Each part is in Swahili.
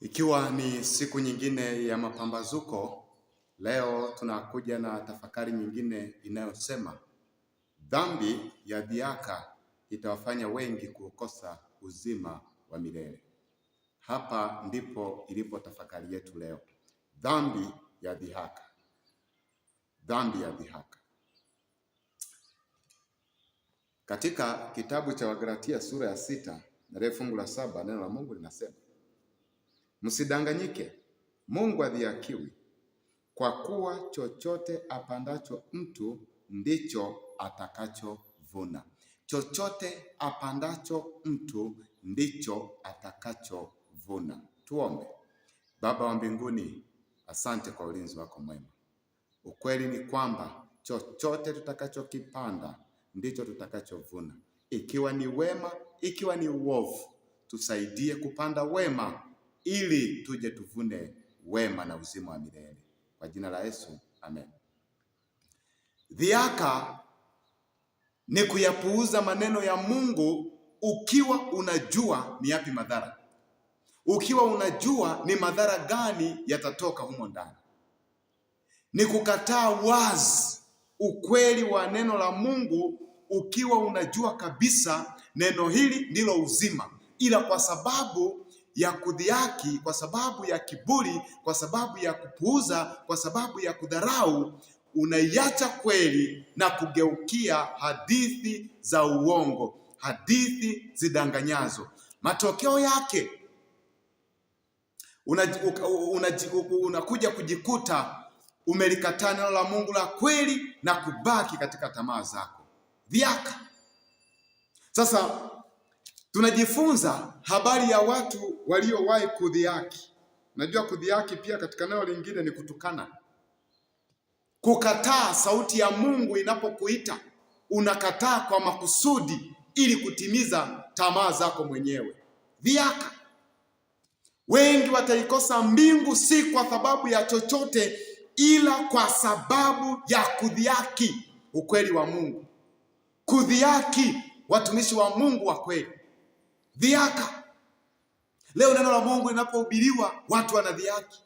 Ikiwa ni siku nyingine ya mapambazuko, leo tunakuja na tafakari nyingine inayosema dhambi ya dhihaka itawafanya wengi kukosa uzima wa milele. Hapa ndipo ilipo tafakari yetu leo, dhambi ya dhihaka. Dhambi ya dhihaka katika kitabu cha Wagalatia sura ya sita na fungu la saba, neno la Mungu linasema Msidanganyike, Mungu adhiakiwi kwa kuwa chochote apandacho mtu ndicho atakachovuna. Chochote apandacho mtu ndicho atakachovuna. Tuombe. Baba wa mbinguni, asante kwa ulinzi wako mwema. Ukweli ni kwamba chochote tutakachokipanda ndicho tutakachovuna, ikiwa ni wema, ikiwa ni uovu. Tusaidie kupanda wema ili tuje tuvune wema na uzima wa milele. Kwa jina la Yesu, amen. Dhihaka ni kuyapuuza maneno ya Mungu ukiwa unajua ni yapi madhara, ukiwa unajua ni madhara gani yatatoka humo ndani. Ni kukataa wazi ukweli wa neno la Mungu ukiwa unajua kabisa neno hili ndilo uzima, ila kwa sababu ya kudhiaki, kwa sababu ya kiburi, kwa sababu ya kupuuza, kwa sababu ya kudharau, unaiacha kweli na kugeukia hadithi za uongo, hadithi zidanganyazo. Matokeo yake unakuja una, una, una kujikuta umelikataa neno la Mungu la kweli na kubaki katika tamaa zako. Dhiaka sasa tunajifunza habari ya watu waliowahi kudhiaki. Najua kudhiaki pia katika neno lingine ni kutukana, kukataa sauti ya Mungu inapokuita, unakataa kwa makusudi ili kutimiza tamaa zako mwenyewe. viaka Wengi wataikosa mbingu si kwa sababu ya chochote, ila kwa sababu ya kudhiaki ukweli wa Mungu, kudhiaki watumishi wa Mungu wa kweli. Dhiaka. Leo neno la Mungu linapohubiriwa watu wanadhiaki.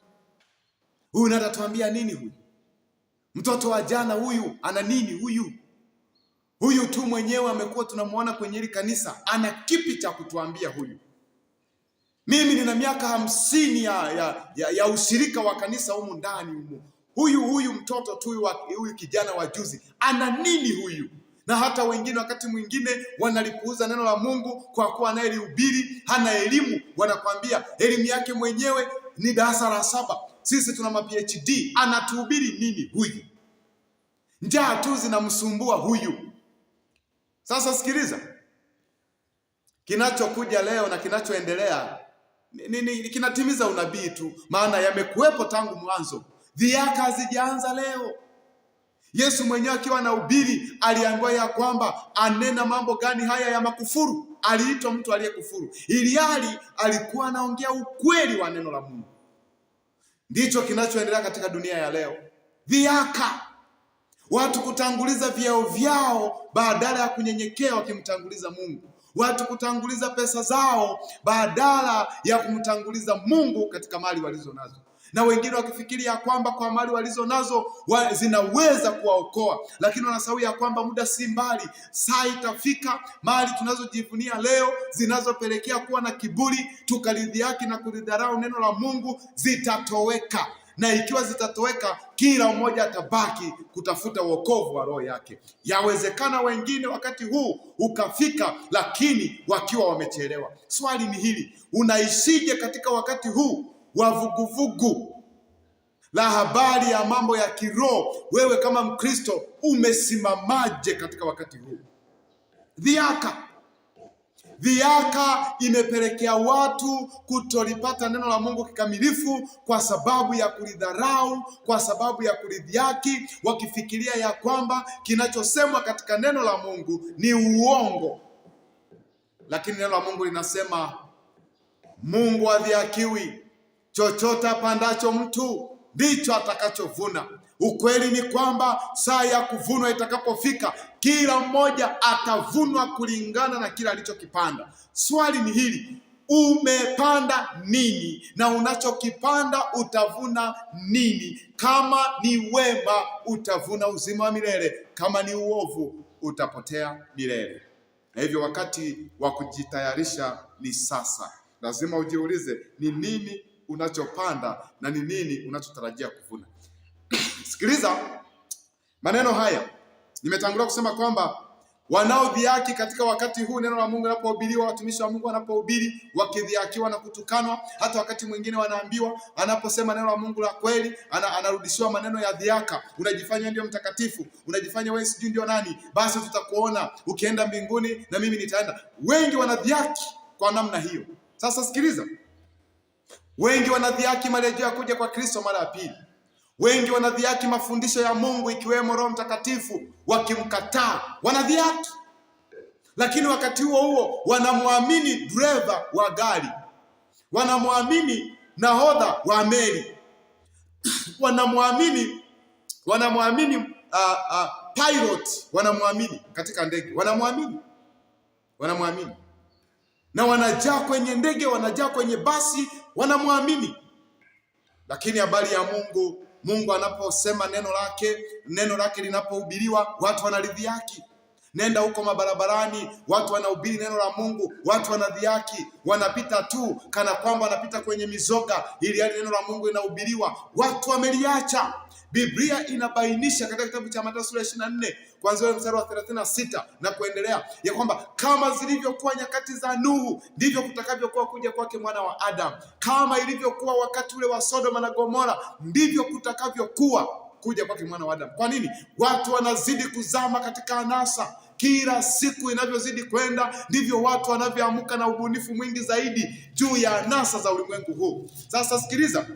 Huyu ndio atatuambia nini huyu? Mtoto wa jana huyu ana nini huyu? Huyu tu mwenyewe amekuwa tunamwona kwenye hili kanisa, ana kipi cha kutuambia huyu? Mimi nina miaka hamsini ya, ya, ya, ya ushirika wa kanisa humu ndani humu. Huyu huyu mtoto tu huyu kijana wa juzi ana nini huyu? na hata wengine wakati mwingine wanalipuuza neno la Mungu kwa kuwa anayelihubiri hana elimu. Wanakwambia elimu yake mwenyewe ni darasa la saba, sisi tuna PhD, Anatuhubiri nini huyu? Njaa tu zinamsumbua huyu. Sasa sikiliza, kinachokuja leo na kinachoendelea ni, ni, kinatimiza unabii tu, maana yamekuwepo tangu mwanzo. Dhihaka hazijaanza leo. Yesu mwenyewe akiwa na ubiri aliambiwa ya kwamba anena mambo gani haya ya makufuru? Aliitwa mtu aliyekufuru, ilhali alikuwa anaongea ukweli wa neno la Mungu. Ndicho kinachoendelea katika dunia ya leo, viaka watu kutanguliza vyeo vyao badala ya kunyenyekea wakimtanguliza Mungu, watu kutanguliza pesa zao badala ya kumtanguliza Mungu katika mali walizo nazo na wengine wakifikiri ya kwamba kwa mali walizo nazo wa, zinaweza kuwaokoa, lakini wanasahau ya kwamba muda si mbali, saa itafika, mali tunazojivunia leo zinazopelekea kuwa na kiburi, tukalidhiaki na kulidharau neno la Mungu zitatoweka na ikiwa zitatoweka, kila mmoja atabaki kutafuta wokovu wa roho yake. Yawezekana wengine wakati huu ukafika, lakini wakiwa wamechelewa. Swali ni hili, unaishije katika wakati huu wa vuguvugu la habari ya mambo ya kiroho. Wewe kama Mkristo umesimamaje katika wakati huu? Dhiaka, dhiaka imepelekea watu kutolipata neno la Mungu kikamilifu kwa sababu ya kulidharau, kwa sababu ya kulidhiaki, wakifikiria ya kwamba kinachosemwa katika neno la Mungu ni uongo. Lakini neno la Mungu linasema Mungu hadhihakiwi, chochote apandacho mtu ndicho atakachovuna. Ukweli ni kwamba saa ya kuvunwa itakapofika, kila mmoja atavunwa kulingana na kila alichokipanda. Swali ni hili, umepanda nini? Na unachokipanda utavuna nini? Kama ni wema, utavuna uzima wa milele; kama ni uovu, utapotea milele. Na hivyo wakati wa kujitayarisha ni sasa. Lazima ujiulize ni nini unachopanda na ni nini unachotarajia kuvuna. Sikiliza maneno haya. Nimetangulia kusema kwamba wanaodhiaki katika wakati huu neno la Mungu linapohubiriwa, watumishi wa Mungu wanapohubiri wakidhiakiwa na kutukanwa, hata wakati mwingine wanaambiwa, anaposema neno la Mungu la kweli ana, anarudishiwa maneno ya dhiaka, unajifanya ndio mtakatifu, unajifanya wewe sijui ndio nani, basi tutakuona ukienda mbinguni na mimi nitaenda. Wengi wanadhiaki kwa namna hiyo. Sasa sikiliza Wengi wanadhiaki marejeo ya kuja kwa Kristo mara ya pili. Wengi wanadhiaki mafundisho ya Mungu ikiwemo Roho Mtakatifu, wakimkataa wanadhiaki, lakini wakati huo huo wanamwamini dreva wa gari, wanamwamini nahodha wa meli, wanamwamini wanamwamini uh, uh, pilot, wanamwamini katika ndege, wanamwamini wanamwamini na wanajaa kwenye ndege, wanajaa kwenye basi wanamwamini. Lakini habari ya Mungu, Mungu anaposema neno lake, neno lake linapohubiriwa, watu wanaridhi Nenda huko mabarabarani, watu wanahubiri neno la Mungu, watu wanadhiaki, wanapita tu kana kwamba wanapita kwenye mizoga, ili hali neno la Mungu linahubiriwa, watu wameliacha. Biblia inabainisha katika kitabu cha Mathayo sura ya 24 kuanzia mstari wa 36 na kuendelea, ya kwamba kama zilivyokuwa nyakati za Nuhu ndivyo kutakavyokuwa kuja kwake mwana wa Adamu. Kama ilivyokuwa wakati ule wa Sodoma na Gomora ndivyo kutakavyokuwa kuja kwake mwana wa Adamu. Kwa nini watu wanazidi kuzama katika anasa? Kila siku inavyozidi kwenda ndivyo watu wanavyoamka na ubunifu mwingi zaidi juu ya anasa za ulimwengu huu. Sasa sikiliza,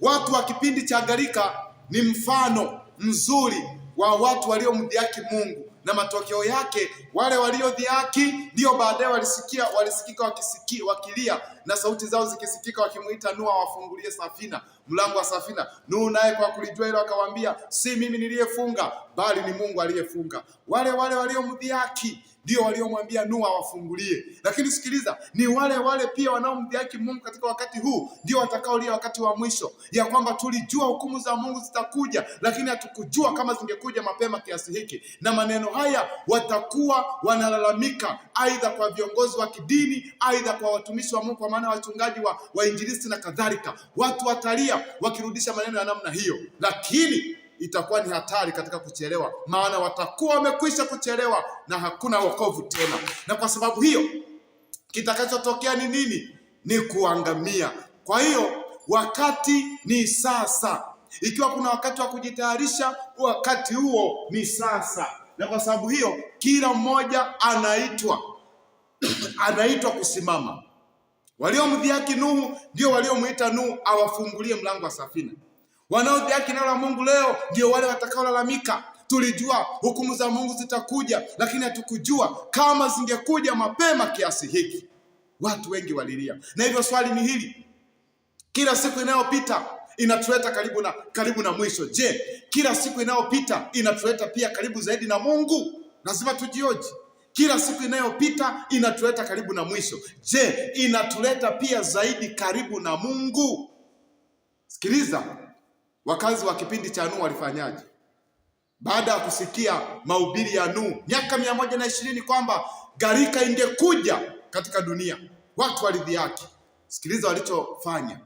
watu wa kipindi cha gharika ni mfano mzuri wa watu waliomdhihaki Mungu na matokeo yake wale waliodhihaki ndio baadaye walisikia walisikika wakisikia wakilia na sauti zao zikisikika wakimuita Noa wafungulie safina mlango wa safina. Nuhu naye kwa kulijua hilo akawaambia, si mimi niliyefunga, bali ni Mungu aliyefunga. Wale wale waliomdhihaki ndio waliomwambia Nuhu awafungulie, lakini sikiliza, ni wale wale pia wanaomdhihaki Mungu katika wakati huu ndio watakaolia wakati wa mwisho, ya kwamba tulijua hukumu za Mungu zitakuja, lakini hatukujua kama zingekuja mapema kiasi hiki. Na maneno haya watakuwa wanalalamika, aidha kwa viongozi wa kidini, aidha kwa watumishi wa Mungu, kwa maana wachungaji wa wainjilisti na kadhalika. Watu watalia kuongea wakirudisha maneno ya namna hiyo, lakini itakuwa ni hatari katika kuchelewa, maana watakuwa wamekwisha kuchelewa na hakuna wokovu tena. Na kwa sababu hiyo kitakachotokea ni nini? Ni kuangamia. Kwa hiyo wakati ni sasa. Ikiwa kuna wakati wa kujitayarisha, wakati huo ni sasa. Na kwa sababu hiyo kila mmoja anaitwa anaitwa kusimama Waliomdhihaki Nuhu ndio waliomwita Nuhu awafungulie mlango wa safina. Wanaodhihaki neno la Mungu leo ndio wale watakaolalamika, tulijua hukumu za Mungu zitakuja, lakini hatukujua kama zingekuja mapema kiasi hiki. Watu wengi walilia, na hivyo swali ni hili, kila siku inayopita inatuleta karibu na, karibu na mwisho. Je, kila siku inayopita inatuleta pia karibu zaidi na Mungu? Lazima tujioji. Kila siku inayopita inatuleta karibu na mwisho. Je, inatuleta pia zaidi karibu na Mungu? Sikiliza, wakazi wa kipindi cha Nuhu walifanyaje? Baada ya kusikia mahubiri ya Nuhu miaka mia moja na ishirini kwamba gharika ingekuja katika dunia, watu walidhihaki. Sikiliza walichofanya.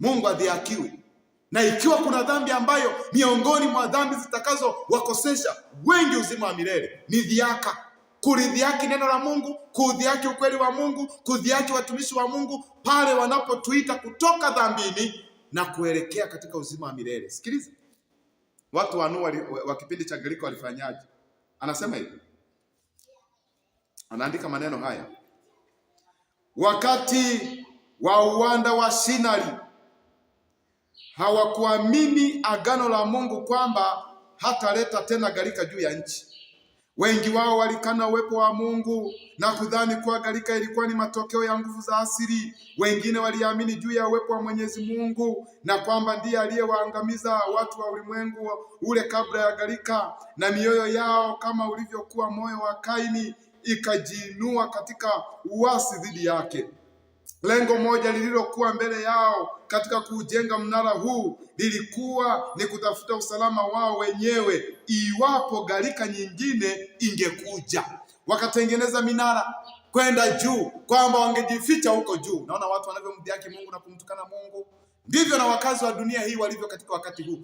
Mungu adhiakiwe na ikiwa kuna dhambi ambayo miongoni mwa dhambi zitakazowakosesha wengi uzima wa milele ni dhihaka kuridhiaki neno la Mungu, kuudhiaki ukweli wa Mungu, kudhiaki watumishi wa Mungu pale wanapotuita kutoka dhambini na kuelekea katika uzima wa milele. Sikiliza, watu wa Nuhu wa kipindi cha Gilika walifanyaje? Anasema hivi, anaandika maneno haya: wakati wa uwanda wa Sinai hawakuamini agano la Mungu kwamba hataleta tena gharika juu ya nchi Wengi wao walikana uwepo wa Mungu na kudhani kuwa gharika ilikuwa ni matokeo ya nguvu za asili. Wengine waliamini juu ya uwepo wa Mwenyezi Mungu na kwamba ndiye aliyewaangamiza watu wa ulimwengu ule kabla ya gharika, na mioyo yao kama ulivyokuwa moyo wa Kaini ikajiinua katika uasi dhidi yake. Lengo moja lililokuwa mbele yao katika kuujenga mnara huu lilikuwa ni kutafuta usalama wao wenyewe iwapo gharika nyingine ingekuja. Wakatengeneza minara kwenda juu, kwamba wangejificha huko juu. Naona watu wanavyomdhihaki Mungu na kumtukana Mungu. Ndivyo na wakazi wa dunia hii walivyo katika wakati huu,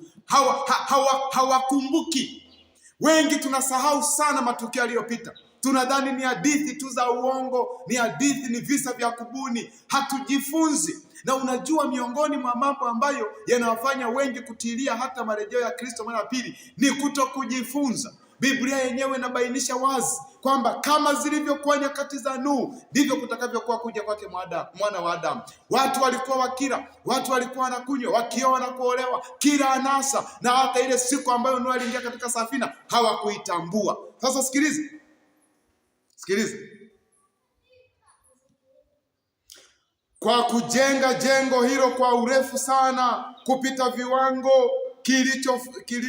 hawakumbuki. Hawa, hawa wengi tunasahau sana matukio yaliyopita tunadhani ni hadithi tu za uongo, ni hadithi, ni visa vya kubuni, hatujifunzi. Na unajua, miongoni mwa mambo ambayo yanawafanya wengi kutilia hata marejeo ya Kristo mara pili ni kuto kujifunza. Biblia yenyewe inabainisha wazi kwamba kama zilivyokuwa nyakati za Nuhu ndivyo kutakavyokuwa kuja kwake mwana wa Adamu. Watu walikuwa wakila, watu walikuwa wanakunywa, wakioa na kuolewa, kila anasa, na hata ile siku ambayo Nuhu aliingia katika safina hawakuitambua. Sasa sikilizi Sikiliza, kwa kujenga jengo hilo kwa urefu sana kupita viwango kilichofikiwa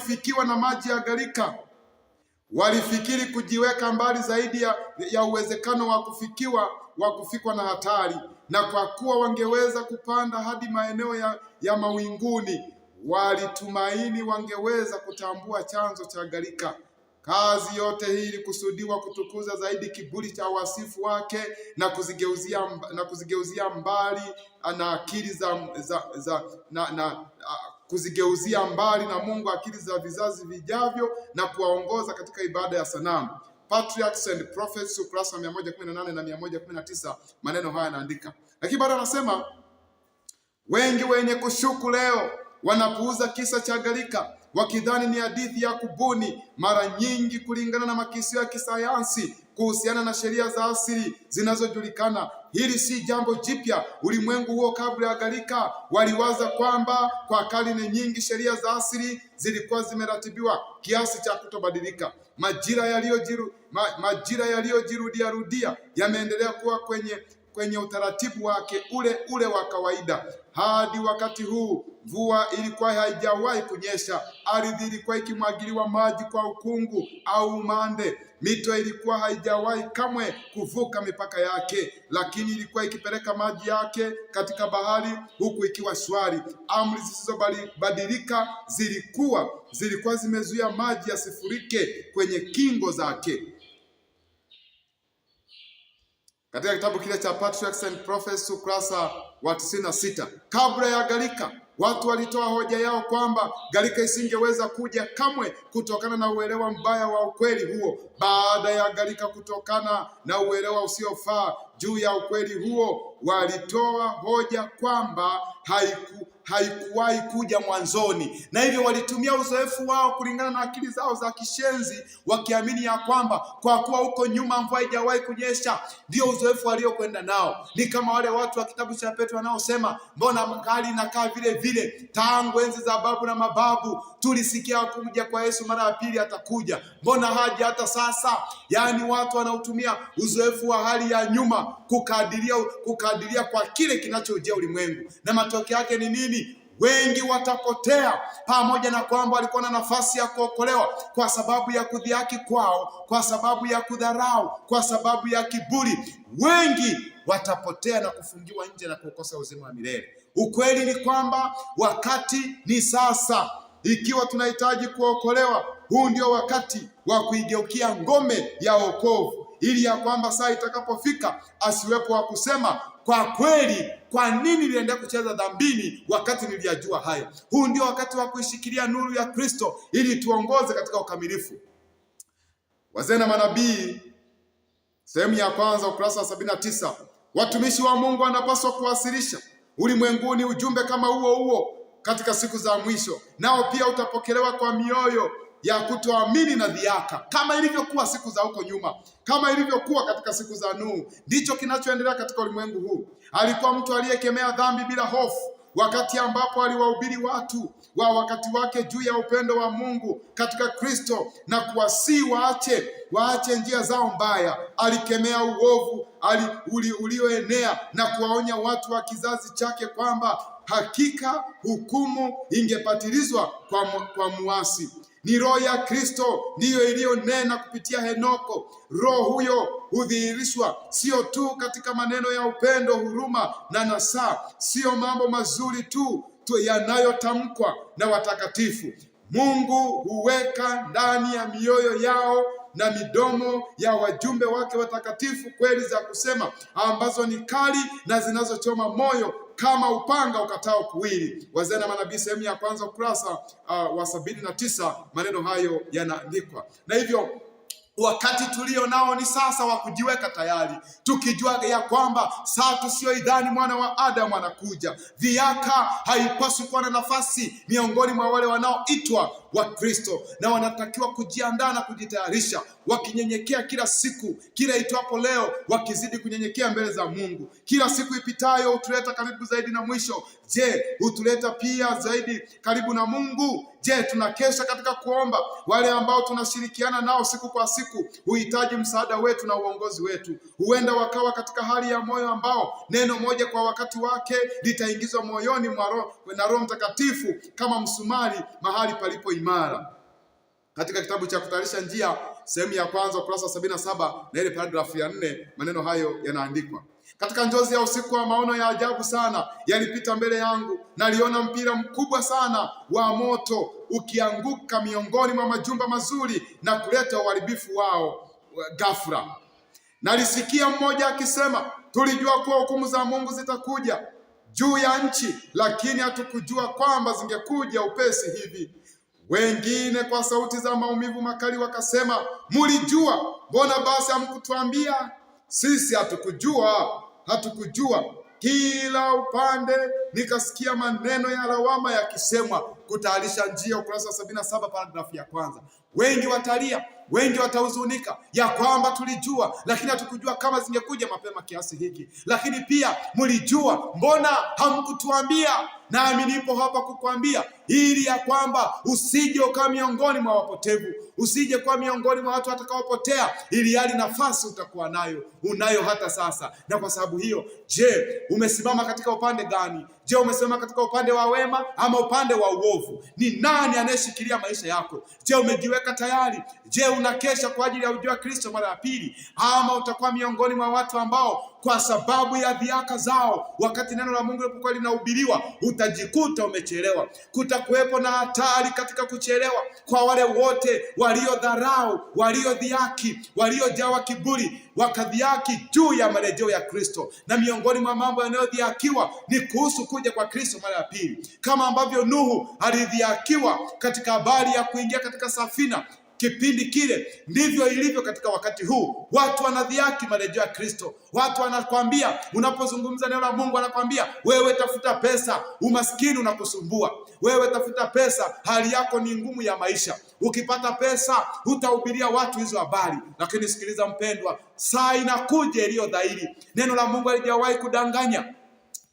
kilicho, na maji ya gharika. Walifikiri kujiweka mbali zaidi ya, ya uwezekano wa kufikiwa wa kufikwa na hatari, na kwa kuwa wangeweza kupanda hadi maeneo ya, ya mawinguni, walitumaini wangeweza kutambua chanzo cha gharika. Kazi yote hii ilikusudiwa kutukuza zaidi kiburi cha wasifu wake na kuzigeuzia, na kuzigeuzia mbali ah, na akili za, za, za na, na ah, kuzigeuzia mbali na Mungu akili za vizazi vijavyo na kuwaongoza katika ibada ya sanamu. Patriarchs and Prophets ukurasa 118 na 119, maneno haya yanaandika. Lakini bado anasema wengi wenye kushuku leo wanapuuza kisa cha gharika wakidhani ni hadithi ya kubuni. Mara nyingi kulingana na makisio ya kisayansi kuhusiana na sheria za asili zinazojulikana, hili si jambo jipya. Ulimwengu huo kabla ya gharika waliwaza kwamba kwa karne nyingi sheria za asili zilikuwa zimeratibiwa kiasi cha kutobadilika. Majira yaliyojirudia ma, majira yaliyojirudia rudia yameendelea kuwa kwenye kwenye utaratibu wake ule ule wa kawaida. Hadi wakati huu mvua ilikuwa haijawahi kunyesha, ardhi ilikuwa ikimwagiliwa maji kwa ukungu au umande, mito ilikuwa haijawahi kamwe kuvuka mipaka yake, lakini ilikuwa ikipeleka maji yake katika bahari, huku ikiwa shwari. Amri zisizobadilika zilikuwa zilikuwa zimezuia maji yasifurike kwenye kingo zake katika kitabu kile cha Patriarchs and Prophets ukurasa wa tisini na sita. Kabla ya gharika watu walitoa hoja yao kwamba gharika isingeweza kuja kamwe kutokana na uelewa mbaya wa ukweli huo. Baada ya gharika, kutokana na uelewa usiofaa juu ya ukweli huo, walitoa hoja kwamba haiku haikuwahi kuja mwanzoni, na hivyo walitumia uzoefu wao kulingana na akili zao za kishenzi, wakiamini ya kwamba kwa kuwa huko nyuma mvua haijawahi kunyesha, ndio uzoefu waliokwenda nao. Ni kama wale watu wa kitabu cha Petro wanaosema mbona hali inakaa vile vile tangu enzi za babu na mababu tulisikia kuja kwa Yesu mara ya pili atakuja, mbona haja hata sasa? Yaani watu wanaotumia uzoefu wa hali ya nyuma kukadiria, kukadiria kwa kile kinachojia ulimwengu, na matokeo yake ni nini? Wengi watapotea, pamoja na kwamba walikuwa na nafasi ya kuokolewa, kwa sababu ya kudhiaki kwao, kwa sababu ya kudharau, kwa sababu ya kiburi, wengi watapotea na kufungiwa nje na kukosa uzima wa milele. Ukweli ni kwamba wakati ni sasa. Ikiwa tunahitaji kuokolewa, huu ndio wakati wa kuigeukia ngome ya wokovu, ili ya kwamba saa itakapofika asiwepo wa kusema kwa kweli, kwa nini niliendea kucheza dhambini wakati niliyajua haya Huu ndio wakati wa kuishikilia nuru ya Kristo ili tuongoze katika ukamilifu. Wazee na Manabii sehemu ya kwanza ukurasa wa sabini na tisa. Watumishi wa Mungu wanapaswa kuwasilisha ulimwenguni ujumbe kama huo huo katika siku za mwisho, nao pia utapokelewa kwa mioyo ya kutoamini na dhiaka, kama ilivyokuwa siku za huko nyuma, kama ilivyokuwa katika siku za Nuhu. Ndicho kinachoendelea katika ulimwengu huu. Alikuwa mtu aliyekemea dhambi bila hofu, wakati ambapo aliwahubiri watu wa wakati wake juu ya upendo wa Mungu katika Kristo na kuwasii waache waache njia zao mbaya. Alikemea uovu ali, ulioenea na kuwaonya watu wa kizazi chake kwamba hakika hukumu ingepatilizwa kwa, mu, kwa muasi. Ni roho ya Kristo ndiyo iliyonena kupitia Henoko. Roho huyo hudhihirishwa sio tu katika maneno ya upendo, huruma na nasaa siyo mambo mazuri tu, tu yanayotamkwa na watakatifu. Mungu huweka ndani ya mioyo yao na midomo ya wajumbe wake watakatifu kweli za kusema ambazo ni kali na zinazochoma moyo kama upanga ukatao kuwili. Wazee na Manabii, sehemu ya kwanza, ukurasa uh, wa sabini na tisa. Maneno hayo yanaandikwa na hivyo wakati tulio nao ni sasa wa kujiweka tayari, tukijua ya kwamba saa tusiyoidhani mwana wa Adamu anakuja. Dhihaka haipaswi kuwa na nafasi miongoni mwa wale wanaoitwa wa Kristo, na wanatakiwa kujiandaa na kujitayarisha, wakinyenyekea kila siku, kila itwapo leo, wakizidi kunyenyekea mbele za Mungu. Kila siku ipitayo hutuleta karibu zaidi na mwisho. Je, hutuleta pia zaidi karibu na Mungu? Je, tunakesha katika kuomba? Wale ambao tunashirikiana nao siku kwa siku huhitaji msaada wetu na uongozi wetu. Huenda wakawa katika hali ya moyo ambao neno moja kwa wakati wake litaingizwa moyoni mwa na Roho Mtakatifu kama msumari mahali palipo imara. Katika kitabu cha Kutayarisha Njia sehemu ya kwanza ukurasa sabini na saba na ile paragrafu ya nne maneno hayo yanaandikwa. Katika njozi ya usiku wa maono ya ajabu sana yalipita mbele yangu, naliona mpira mkubwa sana wa moto ukianguka miongoni mwa majumba mazuri na kuleta uharibifu wao ghafla. Nalisikia mmoja akisema, tulijua kuwa hukumu za Mungu zitakuja juu ya nchi, lakini hatukujua kwamba zingekuja upesi hivi. Wengine kwa sauti za maumivu makali wakasema, mulijua, mbona basi hamkutuambia? Sisi hatukujua, hatukujua. Kila upande nikasikia maneno ya lawama yakisemwa. Kutayarisha njia, ukurasa wa sabini na saba paragrafu ya kwanza. Wengi watalia, wengi watahuzunika ya kwamba tulijua, lakini hatukujua kama zingekuja mapema kiasi hiki. Lakini pia mulijua, mbona hamkutuambia? nami nipo hapa kukwambia ili ya kwamba usije ukawa miongoni mwa wapotevu, usije kuwa miongoni mwa watu watakaopotea, ili hali nafasi utakuwa nayo, unayo hata sasa. Na kwa sababu hiyo, je, umesimama katika upande gani? Je, umesimama katika upande wa wema ama upande wa uovu? Ni nani anayeshikilia maisha yako? Je, umejiweka tayari? Je, unakesha kwa ajili ya ujio wa Kristo mara ya pili, ama utakuwa miongoni mwa watu ambao kwa sababu ya dhiaka zao. Wakati neno la Mungu linapokuwa linahubiriwa, utajikuta umechelewa. Kutakuwepo na hatari katika kuchelewa kwa wale wote waliodharau, waliodhiaki waliojawa kiburi, wakadhiaki juu ya marejeo ya Kristo. Na miongoni mwa mambo yanayodhiakiwa ni kuhusu kuja kwa Kristo mara ya pili, kama ambavyo Nuhu alidhiakiwa katika habari ya kuingia katika safina kipindi kile, ndivyo ilivyo katika wakati huu. Watu wanadhiaki marejeo ya Kristo. Watu wanakwambia, unapozungumza neno la Mungu anakwambia wewe, tafuta pesa, umaskini unakusumbua wewe, tafuta pesa, hali yako ni ngumu ya maisha, ukipata pesa hutahubiria watu hizo habari. Lakini sikiliza mpendwa, saa inakuja iliyo dhahiri. Neno la Mungu halijawahi kudanganya,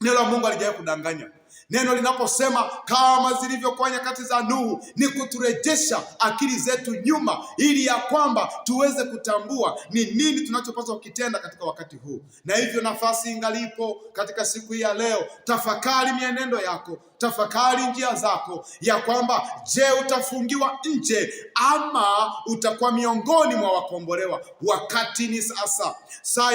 neno la Mungu halijawahi kudanganya. Neno linaposema kama zilivyokuwa nyakati za Nuhu, ni kuturejesha akili zetu nyuma, ili ya kwamba tuweze kutambua ni nini tunachopaswa kukitenda katika wakati huu. Na hivyo nafasi ingalipo katika siku hii ya leo, tafakari mienendo yako tafakari njia zako, ya kwamba je, utafungiwa nje ama utakuwa miongoni mwa wakombolewa? Wakati ni sasa, saa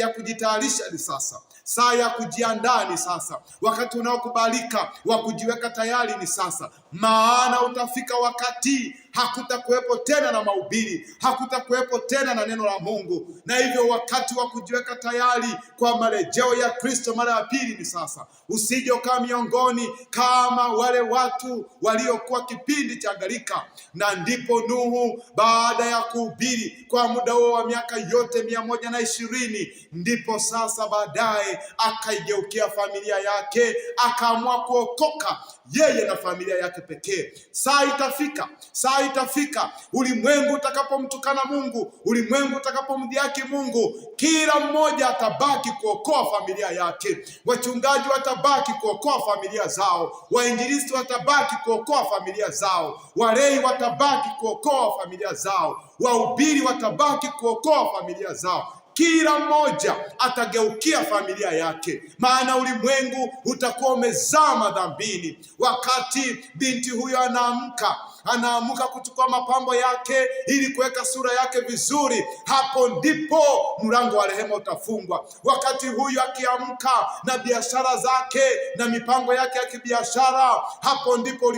ya kujitayarisha ni sasa, saa ya kujiandaa ni sasa, wakati unaokubalika wa kujiweka tayari ni sasa, maana utafika wakati hakutakuwepo tena na mahubiri, hakutakuwepo tena na neno la Mungu. Na hivyo wakati wa kujiweka tayari kwa marejeo ya Kristo mara ya pili ni sasa. Usije ukawa miongoni kama wale watu waliokuwa kipindi cha gharika. Na ndipo Nuhu baada ya kuhubiri kwa muda huo wa miaka yote mia moja na ishirini ndipo sasa baadaye akaigeukia familia yake, akaamua kuokoka yeye na familia yake pekee. Saa itafika saa itafika, ulimwengu utakapomtukana Mungu, ulimwengu utakapomdhihaki Mungu, kila mmoja atabaki kuokoa familia yake. Wachungaji watabaki kuokoa familia zao, wainjilisti watabaki kuokoa familia zao, walei watabaki kuokoa familia zao, wahubiri watabaki kuokoa familia zao kila mmoja atageukia familia yake, maana ulimwengu utakuwa umezama dhambini. Wakati binti huyo anaamka anaamka kuchukua mapambo yake ili kuweka sura yake vizuri, hapo ndipo mlango wa rehema utafungwa. Wakati huyu akiamka na biashara zake na mipango yake ya kibiashara, hapo ndipo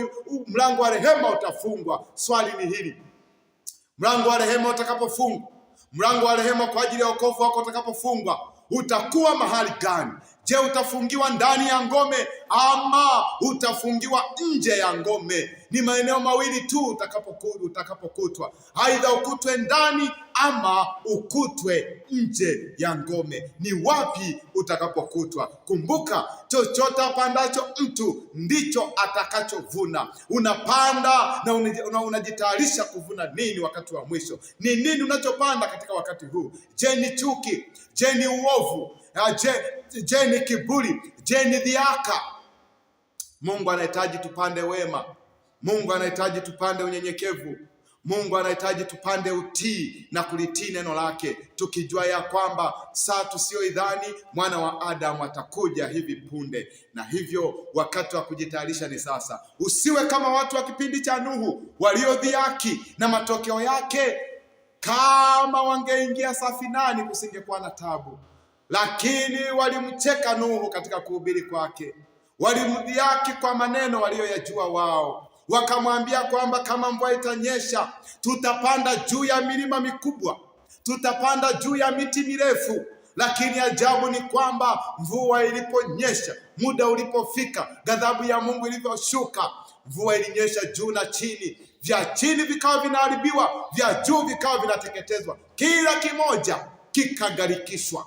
mlango wa rehema utafungwa. Swali ni hili, mlango wa rehema utakapofungwa mlango wa rehema kwa ajili ya wokovu wako utakapofungwa, utakuwa mahali gani? Je, utafungiwa ndani ya ngome ama utafungiwa nje ya ngome? Ni maeneo mawili tu utakapoku, utakapokutwa aidha ukutwe ndani ama ukutwe nje ya ngome. Ni wapi utakapokutwa? Kumbuka, chochote apandacho mtu ndicho atakachovuna. Unapanda na unajitayarisha kuvuna nini wakati wa mwisho? Ni nini unachopanda katika wakati huu? Je, ni chuki? Je, ni uovu? Ah, je, Je, ni kiburi? Je, ni dhiaka? Mungu anahitaji tupande wema. Mungu anahitaji tupande unyenyekevu. Mungu anahitaji tupande utii na kulitii neno lake, tukijua ya kwamba saa tusiyoidhani mwana wa Adamu atakuja hivi punde, na hivyo wakati wa kujitayarisha ni sasa. Usiwe kama watu wa kipindi cha Nuhu waliodhiaki, na matokeo yake kama wangeingia safinani kusingekuwa na tabu lakini walimcheka Nuhu katika kuhubiri kwake, walimdhihaki kwa maneno waliyoyajua wao, wakamwambia kwamba kama mvua itanyesha, tutapanda juu ya milima mikubwa, tutapanda juu ya miti mirefu. Lakini ajabu ni kwamba mvua iliponyesha, muda ulipofika, ghadhabu ya Mungu ilivyoshuka, mvua ilinyesha juu na chini, vya chini vikawa vinaharibiwa, vya juu vikawa vinateketezwa, kila kimoja kikagarikishwa.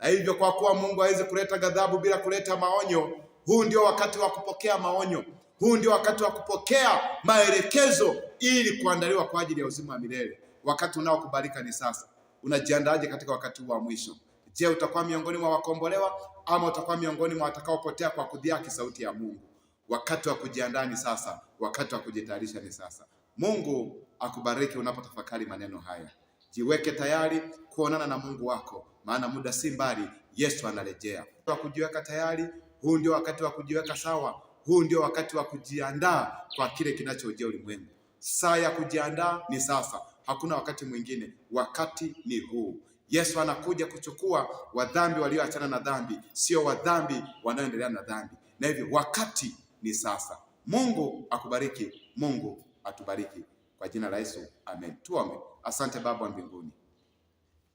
Na hivyo kwa kuwa Mungu hawezi kuleta ghadhabu bila kuleta maonyo, huu ndio wakati wa kupokea maonyo, huu ndio wakati wa kupokea maelekezo ili kuandaliwa kwa ajili ya uzima wa milele. Wakati unaokubalika ni sasa. Unajiandaaje katika wakati huu wa mwisho? Je, utakuwa miongoni mwa wakombolewa ama utakuwa miongoni mwa watakaopotea kwa kudhihaki sauti ya Mungu? Wakati wa kujiandaa ni sasa, wakati wa kujitayarisha ni sasa. Mungu akubariki unapotafakari maneno haya. Jiweke tayari kuonana na Mungu wako maana muda si mbali, Yesu anarejea. Wa kujiweka tayari, huu ndio wakati wa kujiweka sawa, huu ndio wakati wa kujiandaa kwa kile kinachojia ulimwengu. Saa ya kujiandaa ni sasa, hakuna wakati mwingine, wakati ni huu. Yesu anakuja kuchukua wadhambi walioachana na dhambi, sio wadhambi wanaoendelea na dhambi, na hivyo wakati ni sasa. Mungu akubariki, Mungu atubariki. Kwa jina la Yesu, amen. Tuombe. Asante Baba wa mbinguni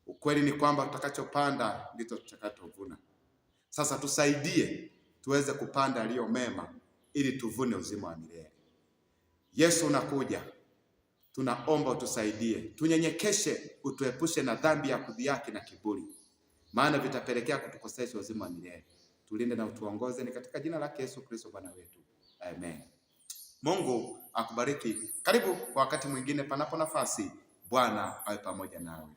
Ukweli ni kwamba tutakachopanda ndicho tutakatovuna. Sasa tusaidie tuweze kupanda yaliyo mema ili tuvune uzima wa milele. Yesu unakuja, tunaomba utusaidie, tunyenyekeshe, utuepushe na dhambi ya kudhihaki na kiburi, maana vitapelekea kutukosesha uzima wa milele. Tulinde na utuongoze, ni katika jina lake Yesu Kristo Bwana wetu, amen. Mungu akubariki. Karibu kwa wakati mwingine, panapo nafasi. Bwana awe pamoja nawe.